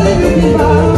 Hallelujah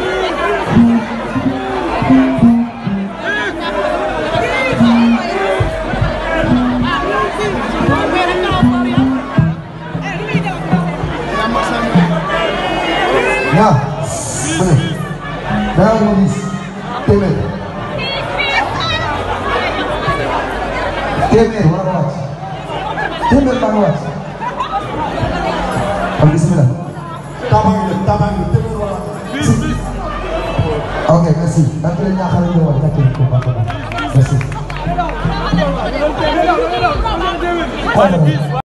ah ma ne daa ma gis téeméer téeméer war a wàcc téeméer war a wàcc kon bisimilah. taabaa ngi jot taabaa ngi téeméer war a wàcc. ok merci. merci.